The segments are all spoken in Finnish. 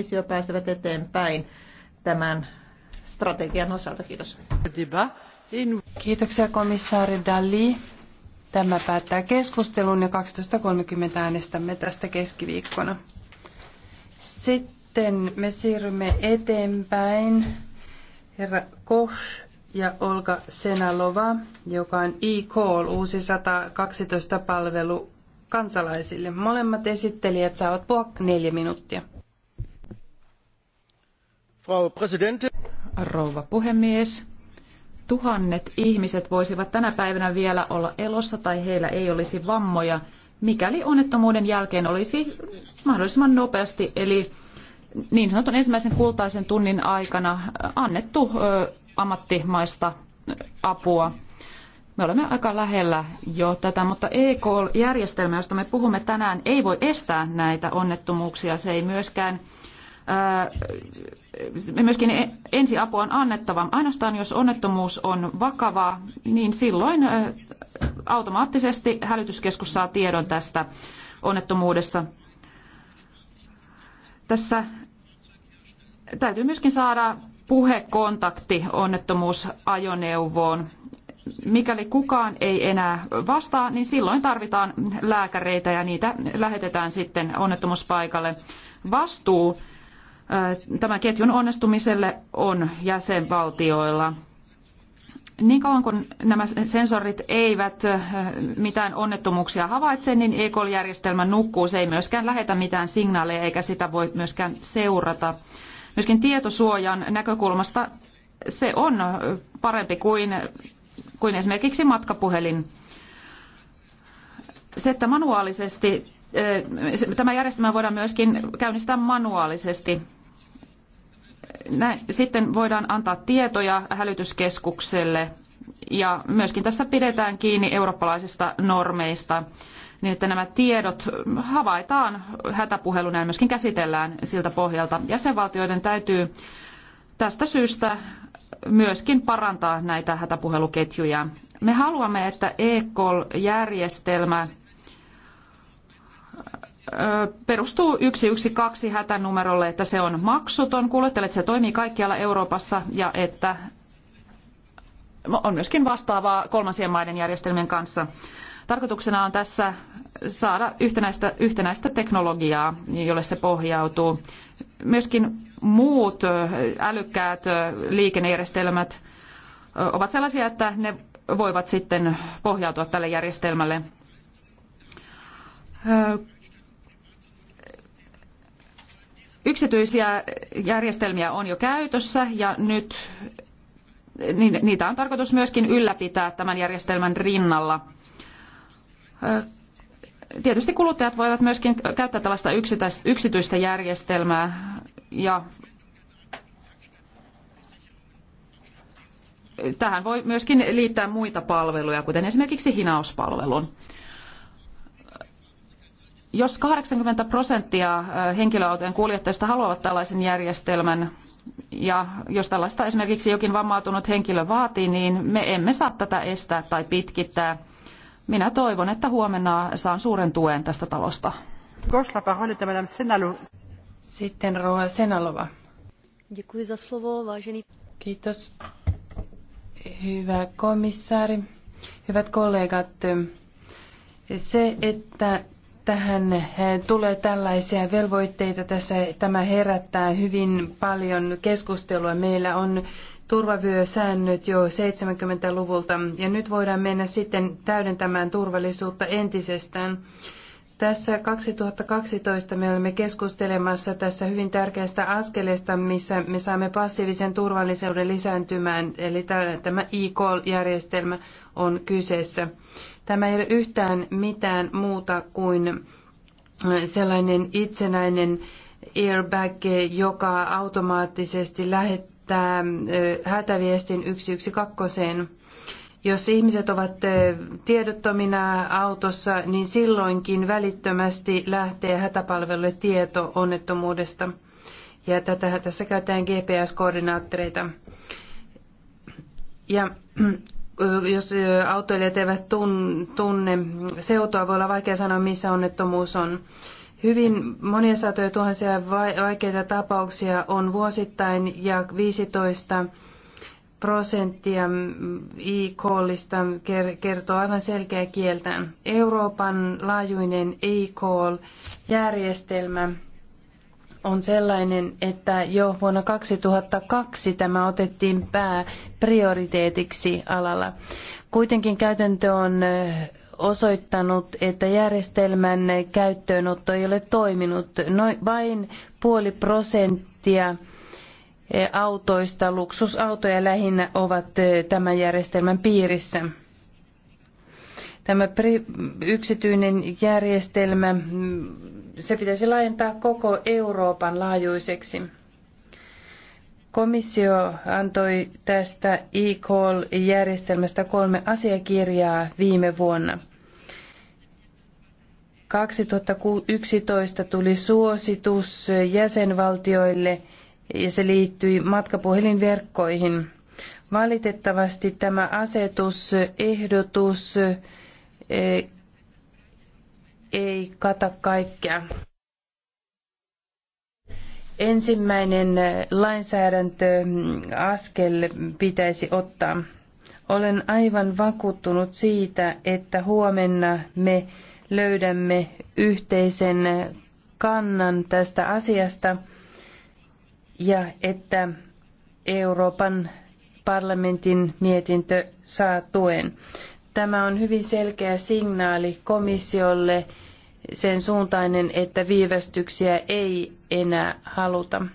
visio pääsevät eteenpäin tämän strategian osalta. Kiitos. Kiitoksia komissaari Dalli. Tämä päättää keskustelun ja 12.30 äänestämme tästä keskiviikkona. Sitten me siirrymme eteenpäin. Herra Koch ja Olga Senalova, joka on e-call, uusi 112 palvelu kansalaisille. Molemmat esittelijät saavat puhua neljä minuuttia arvoisa puhemies. Tuhannet ihmiset voisivat tänä päivänä vielä olla elossa tai heillä ei olisi vammoja, mikäli onnettomuuden jälkeen olisi mahdollisimman nopeasti, eli niin sanotun ensimmäisen kultaisen tunnin aikana annettu ammattimaista apua. Me olemme aika lähellä jo tätä, mutta EK-järjestelmä, josta me puhumme tänään, ei voi estää näitä onnettomuuksia. Se ei myöskään myöskin e- ensiapua on annettava. Ainoastaan jos onnettomuus on vakava, niin silloin automaattisesti hälytyskeskus saa tiedon tästä onnettomuudesta. Tässä täytyy myöskin saada puhekontakti onnettomuusajoneuvoon. Mikäli kukaan ei enää vastaa, niin silloin tarvitaan lääkäreitä ja niitä lähetetään sitten onnettomuuspaikalle. Vastuu tämän ketjun onnistumiselle on jäsenvaltioilla. Niin kauan kun nämä sensorit eivät mitään onnettomuuksia havaitse, niin ECOL-järjestelmä nukkuu. Se ei myöskään lähetä mitään signaaleja eikä sitä voi myöskään seurata. Myöskin tietosuojan näkökulmasta se on parempi kuin, kuin esimerkiksi matkapuhelin. Se, että manuaalisesti tämä järjestelmä voidaan myöskin käynnistää manuaalisesti näin, sitten voidaan antaa tietoja hälytyskeskukselle ja myöskin tässä pidetään kiinni eurooppalaisista normeista niin että nämä tiedot havaitaan hätäpuheluna ja myöskin käsitellään siltä pohjalta. Jäsenvaltioiden täytyy tästä syystä myöskin parantaa näitä hätäpuheluketjuja. Me haluamme, että ECOL-järjestelmä perustuu 112 hätänumerolle, että se on maksuton, kuljettajalle että se toimii kaikkialla Euroopassa ja että on myöskin vastaavaa kolmansien maiden järjestelmien kanssa. Tarkoituksena on tässä saada yhtenäistä, yhtenäistä teknologiaa, jolle se pohjautuu. Myöskin muut älykkäät liikennejärjestelmät ovat sellaisia, että ne voivat sitten pohjautua tälle järjestelmälle Yksityisiä järjestelmiä on jo käytössä ja nyt niin niitä on tarkoitus myöskin ylläpitää tämän järjestelmän rinnalla. Tietysti kuluttajat voivat myöskin käyttää tällaista yksityistä järjestelmää ja tähän voi myöskin liittää muita palveluja, kuten esimerkiksi hinauspalvelun. Jos 80 prosenttia henkilöautojen kuljettajista haluavat tällaisen järjestelmän, ja jos tällaista esimerkiksi jokin vammautunut henkilö vaatii, niin me emme saa tätä estää tai pitkittää. Minä toivon, että huomenna saan suuren tuen tästä talosta. Sitten Roa Senalova. Kiitos. Hyvä komissaari, hyvät kollegat. Se, että tähän tulee tällaisia velvoitteita. Tässä tämä herättää hyvin paljon keskustelua. Meillä on turvavyösäännöt jo 70-luvulta ja nyt voidaan mennä sitten täydentämään turvallisuutta entisestään. Tässä 2012 me olemme keskustelemassa tässä hyvin tärkeästä askeleesta, missä me saamme passiivisen turvallisuuden lisääntymään, eli tämä e järjestelmä on kyseessä. Tämä ei ole yhtään mitään muuta kuin äh, sellainen itsenäinen airbag, joka automaattisesti lähettää hätäviestin äh, 112. Jos ihmiset ovat äh, tiedottomina autossa, niin silloinkin välittömästi lähtee hätäpalvelulle tieto onnettomuudesta. Ja tätä tässä käytetään GPS-koordinaattoreita. Ja jos autoilijat eivät tunne seutua, voi olla vaikea sanoa, missä onnettomuus on. Hyvin monia satoja tuhansia vaikeita tapauksia on vuosittain ja 15 prosenttia e-callista kertoo aivan selkeä kieltään. Euroopan laajuinen e-call-järjestelmä on sellainen, että jo vuonna 2002 tämä otettiin pääprioriteetiksi alalla. Kuitenkin käytäntö on osoittanut, että järjestelmän käyttöönotto ei ole toiminut. Noin vain puoli prosenttia autoista, luksusautoja lähinnä, ovat tämän järjestelmän piirissä. Tämä yksityinen järjestelmä, mm, se pitäisi laajentaa koko Euroopan laajuiseksi. Komissio antoi tästä e-call-järjestelmästä kolme asiakirjaa viime vuonna. 2011 tuli suositus jäsenvaltioille ja se liittyi matkapuhelinverkkoihin. Valitettavasti tämä asetusehdotus ei kata kaikkea. Ensimmäinen lainsäädäntöaskel pitäisi ottaa. Olen aivan vakuuttunut siitä, että huomenna me löydämme yhteisen kannan tästä asiasta ja että Euroopan parlamentin mietintö saa tuen. Tämä on hyvin selkeä signaali komissiolle sen suuntainen, että viivästyksiä ei enää haluta.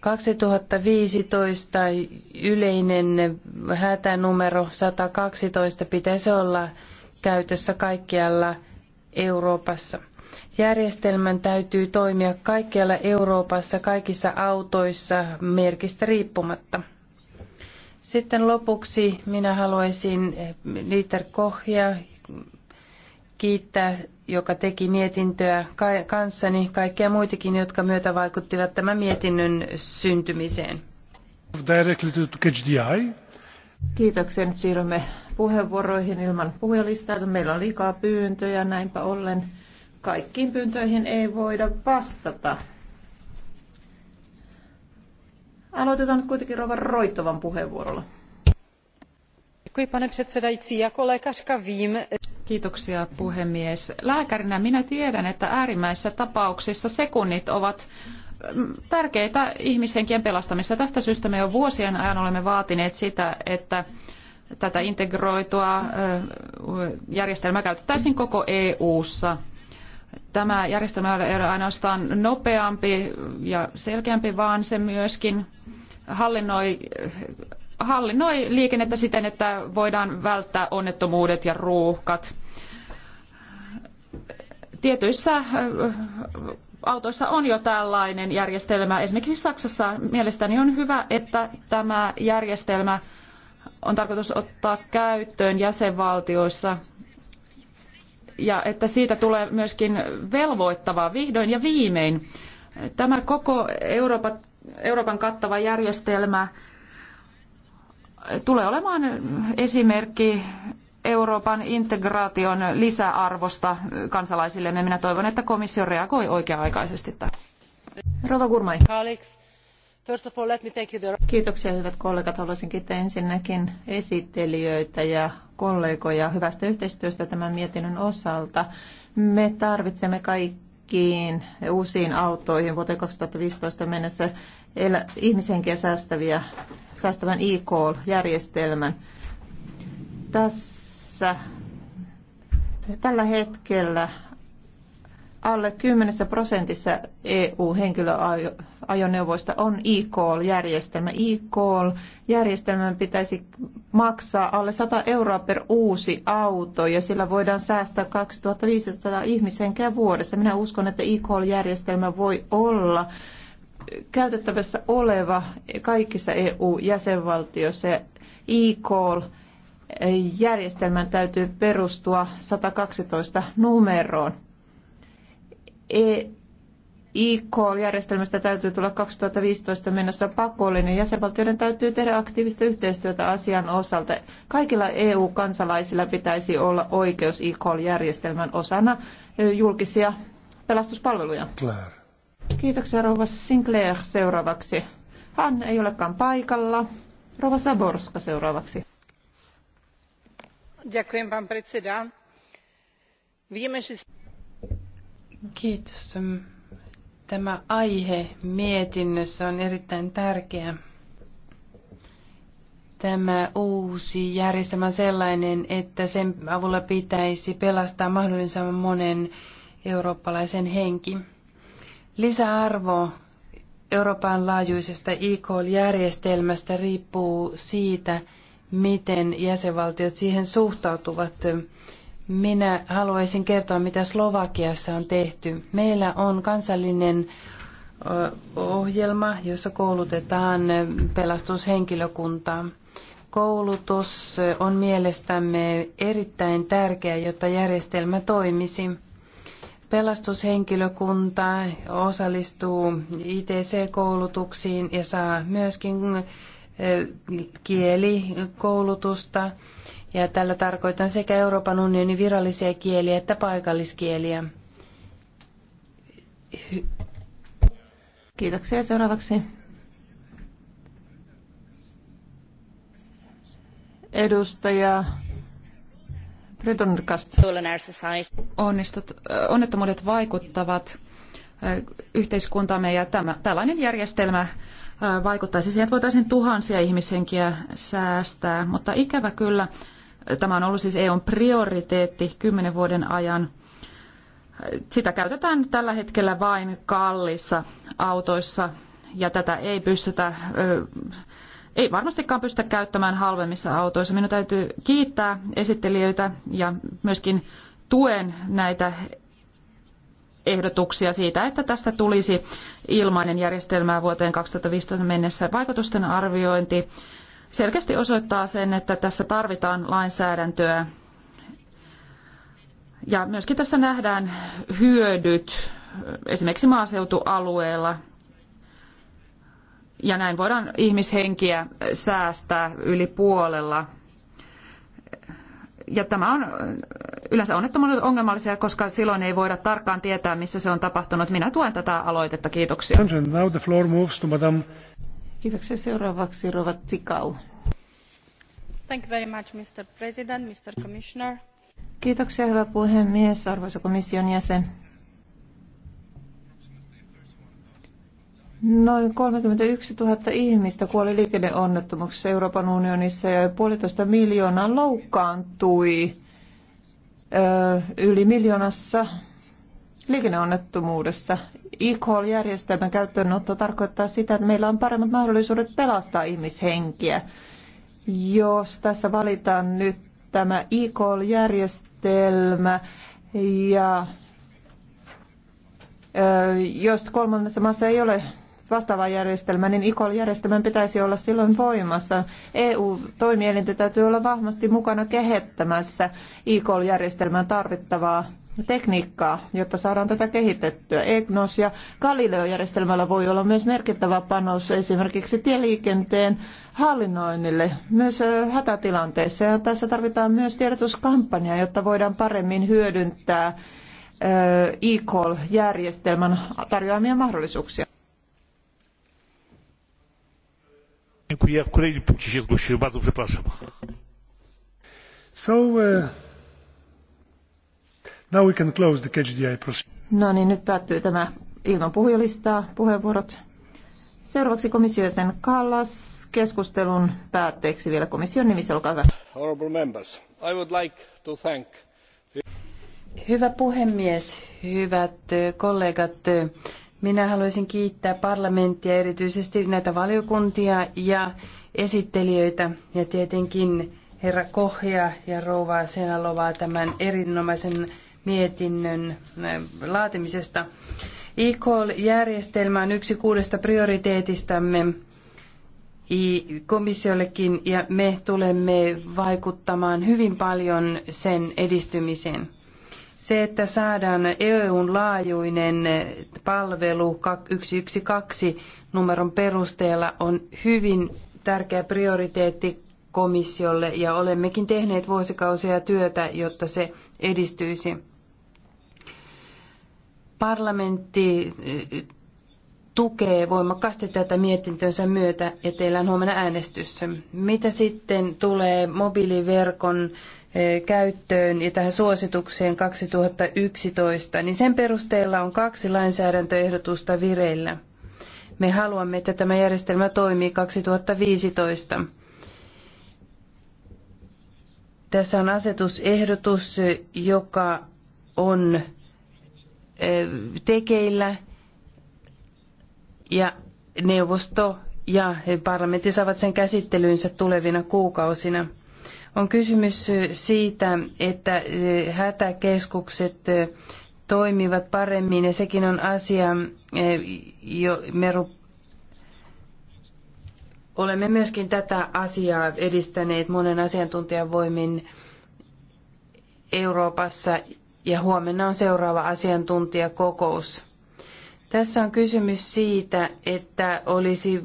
2015 yleinen hätänumero 112 pitäisi olla käytössä kaikkialla Euroopassa. Järjestelmän täytyy toimia kaikkialla Euroopassa, kaikissa autoissa merkistä riippumatta. Sitten lopuksi minä haluaisin eh, Dieter Kohja kiittää, joka teki mietintöä kanssani, kaikkia muitakin, jotka myötä vaikuttivat tämän mietinnön syntymiseen. Kiitoksia. Nyt siirrymme puheenvuoroihin ilman puhujalistaa. Meillä on liikaa pyyntöjä, näinpä ollen kaikkiin pyyntöihin ei voida vastata. Aloitetaan nyt kuitenkin Rova Roittovan puheenvuorolla. Kiitoksia puhemies. Lääkärinä minä tiedän, että äärimmäisissä tapauksissa sekunnit ovat mm, tärkeitä ihmishenkien pelastamissa. Tästä syystä me jo vuosien ajan olemme vaatineet sitä, että tätä integroitua järjestelmää käytettäisiin koko EU-ssa. Tämä järjestelmä ei ole ainoastaan nopeampi ja selkeämpi, vaan se myöskin hallinnoi, hallinnoi liikennettä siten, että voidaan välttää onnettomuudet ja ruuhkat. Tietyissä autoissa on jo tällainen järjestelmä. Esimerkiksi Saksassa mielestäni on hyvä, että tämä järjestelmä on tarkoitus ottaa käyttöön jäsenvaltioissa – ja että siitä tulee myöskin velvoittavaa vihdoin ja viimein. Tämä koko Euroopan, Euroopan kattava järjestelmä tulee olemaan esimerkki Euroopan integraation lisäarvosta kansalaisillemme. Minä toivon, että komissio reagoi oikea-aikaisesti tähän. Rova Gurmai. Kiitoksia hyvät kollegat. Haluaisin kiittää ensinnäkin esittelijöitä ja kollegoja hyvästä yhteistyöstä tämän mietinnön osalta. Me tarvitsemme kaikkiin uusiin autoihin vuoteen 2015 mennessä ihmishenkiä säästäviä, säästävän e-call-järjestelmän. Tässä Tällä hetkellä alle 10 prosentissa EU-henkilöajoneuvoista on e-call-järjestelmä. E-call-järjestelmän pitäisi maksaa alle 100 euroa per uusi auto ja sillä voidaan säästää 2500 ihmishenkeä vuodessa. Minä uskon, että e-call-järjestelmä voi olla käytettävissä oleva kaikissa EU-jäsenvaltioissa. E-call järjestelmän täytyy perustua 112 numeroon e IK-järjestelmästä täytyy tulla 2015 mennessä pakollinen. Jäsenvaltioiden täytyy tehdä aktiivista yhteistyötä asian osalta. Kaikilla EU-kansalaisilla pitäisi olla oikeus IK-järjestelmän osana eh, julkisia pelastuspalveluja. Claire. Kiitoksia rouva Sinclair seuraavaksi. Hän ei olekaan paikalla. Rouva Saborska seuraavaksi. Ďakujem, pán predseda. Kiitos. Tämä aihe mietinnössä on erittäin tärkeä. Tämä uusi järjestelmä on sellainen, että sen avulla pitäisi pelastaa mahdollisimman monen eurooppalaisen henki. Lisäarvo Euroopan laajuisesta e-call-järjestelmästä riippuu siitä, miten jäsenvaltiot siihen suhtautuvat minä haluaisin kertoa, mitä Slovakiassa on tehty. Meillä on kansallinen ohjelma, jossa koulutetaan pelastushenkilökuntaa. Koulutus on mielestämme erittäin tärkeä, jotta järjestelmä toimisi. Pelastushenkilökunta osallistuu ITC-koulutuksiin ja saa myöskin kielikoulutusta ja tällä tarkoitan sekä Euroopan unionin virallisia kieliä että paikalliskieliä. Kiitoksia. Seuraavaksi edustaja Brydonkast. Onnistut, onnettomuudet vaikuttavat yhteiskuntamme ja tämä, tällainen järjestelmä vaikuttaisi siihen, että voitaisiin tuhansia ihmishenkiä säästää, mutta ikävä kyllä Tämä on ollut siis EUn prioriteetti kymmenen vuoden ajan. Sitä käytetään tällä hetkellä vain kalliissa autoissa ja tätä ei pystytä, ei varmastikaan pystytä käyttämään halvemmissa autoissa. Minun täytyy kiittää esittelijöitä ja myöskin tuen näitä ehdotuksia siitä, että tästä tulisi ilmainen järjestelmä vuoteen 2015 mennessä. Vaikutusten arviointi selkeästi osoittaa sen, että tässä tarvitaan lainsäädäntöä. Ja myöskin tässä nähdään hyödyt esimerkiksi maaseutualueella. Ja näin voidaan ihmishenkiä säästää yli puolella. Ja tämä on yleensä onnettomuudet ongelmallisia, koska silloin ei voida tarkkaan tietää, missä se on tapahtunut. Minä tuen tätä aloitetta. Kiitoksia. Kiitoksia seuraavaksi Rova Tikau. Thank you very much, Mr. President, Mr. Commissioner. Kiitoksia, hyvä puhemies, arvoisa komission jäsen. Noin 31 000 ihmistä kuoli liikenneonnettomuuksissa Euroopan unionissa ja puolitoista miljoonaa loukkaantui öö, yli miljoonassa liikenneonnettomuudessa. E-call-järjestelmän käyttöönotto tarkoittaa sitä, että meillä on paremmat mahdollisuudet pelastaa ihmishenkiä. Jos tässä valitaan nyt tämä e-call-järjestelmä ja jos kolmannessa maassa ei ole vastaava järjestelmä, niin ICOL-järjestelmän pitäisi olla silloin voimassa. EU-toimielintä täytyy olla vahvasti mukana kehittämässä ICOL-järjestelmään tarvittavaa tekniikkaa, jotta saadaan tätä kehitettyä. EGNOS ja Galileo-järjestelmällä voi olla myös merkittävä panos esimerkiksi tieliikenteen hallinnoinnille, myös hätätilanteissa. Ja tässä tarvitaan myös tiedotuskampanjaa, jotta voidaan paremmin hyödyntää e-call-järjestelmän tarjoamia mahdollisuuksia. Dziękuję. W kolejnym punkcie się zgłosiłem. Bardzo przepraszam. So, uh... Now we can close the KGDI No niin, nyt päättyy tämä ilman puhujalistaa puheenvuorot. Seuraavaksi sen Kallas keskustelun päätteeksi vielä komission nimissä, olkaa hyvä. Honorable members, I would like to thank Hyvä puhemies, hyvät kollegat. Minä haluaisin kiittää parlamenttia, erityisesti näitä valiokuntia ja esittelijöitä ja tietenkin herra Kohja ja rouva Senalovaa tämän erinomaisen mietinnön laatimisesta. E-call-järjestelmä on yksi kuudesta prioriteetistamme komissiollekin ja me tulemme vaikuttamaan hyvin paljon sen edistymiseen. Se, että saadaan EUn laajuinen palvelu 112 numeron perusteella on hyvin tärkeä prioriteetti komissiolle ja olemmekin tehneet vuosikausia työtä, jotta se edistyisi. Parlamentti eh, tukee voimakkaasti tätä mietintönsä myötä ja teillä on huomenna äänestys. Mitä sitten tulee mobiiliverkon eh, käyttöön ja tähän suositukseen 2011, niin sen perusteella on kaksi lainsäädäntöehdotusta vireillä. Me haluamme, että tämä järjestelmä toimii 2015. Tässä on asetusehdotus, joka on tekeillä ja neuvosto ja parlamentti saavat sen käsittelyynsä tulevina kuukausina. On kysymys siitä, että hätäkeskukset toimivat paremmin ja sekin on asia, jo meru Olemme myöskin tätä asiaa edistäneet monen asiantuntijan voimin Euroopassa ja huomenna on seuraava asiantuntijakokous. Tässä on kysymys siitä, että olisi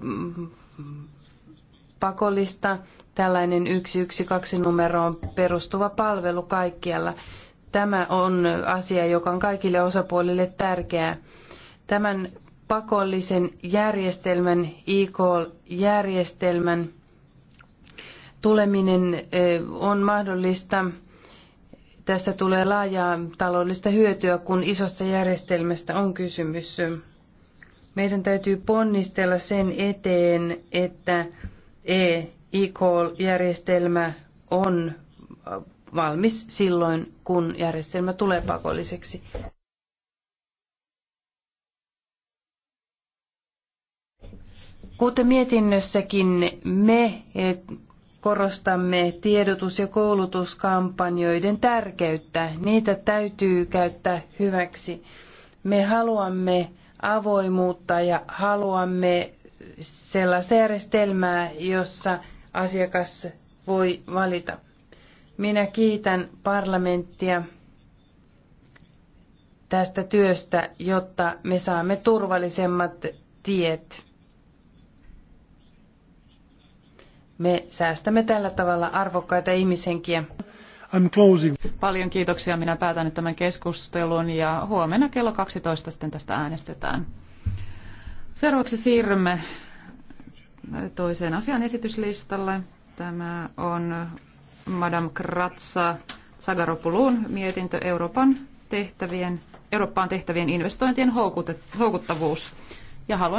pakollista tällainen 112 numeroon perustuva palvelu kaikkialla. Tämä on asia, joka on kaikille osapuolille tärkeää. Tämän pakollisen järjestelmän, e järjestelmän tuleminen on mahdollista tässä tulee laajaa taloudellista hyötyä, kun isosta järjestelmästä on kysymys. Meidän täytyy ponnistella sen eteen, että e-call-järjestelmä on valmis silloin, kun järjestelmä tulee pakolliseksi. Kuten mietinnössäkin me korostamme tiedotus- ja koulutuskampanjoiden tärkeyttä. Niitä täytyy käyttää hyväksi. Me haluamme avoimuutta ja haluamme sellaista järjestelmää, jossa asiakas voi valita. Minä kiitän parlamenttia tästä työstä, jotta me saamme turvallisemmat tiet. Me säästämme tällä tavalla arvokkaita ihmishenkiä. I'm closing. Paljon kiitoksia. Minä päätän nyt tämän keskustelun ja huomenna kello 12 sitten tästä äänestetään. Seuraavaksi siirrymme toiseen asian esityslistalle. Tämä on Madame Kratsa Sagaropulun mietintö Euroopan tehtävien, Eurooppaan tehtävien investointien houkuttavuus. Ja haluan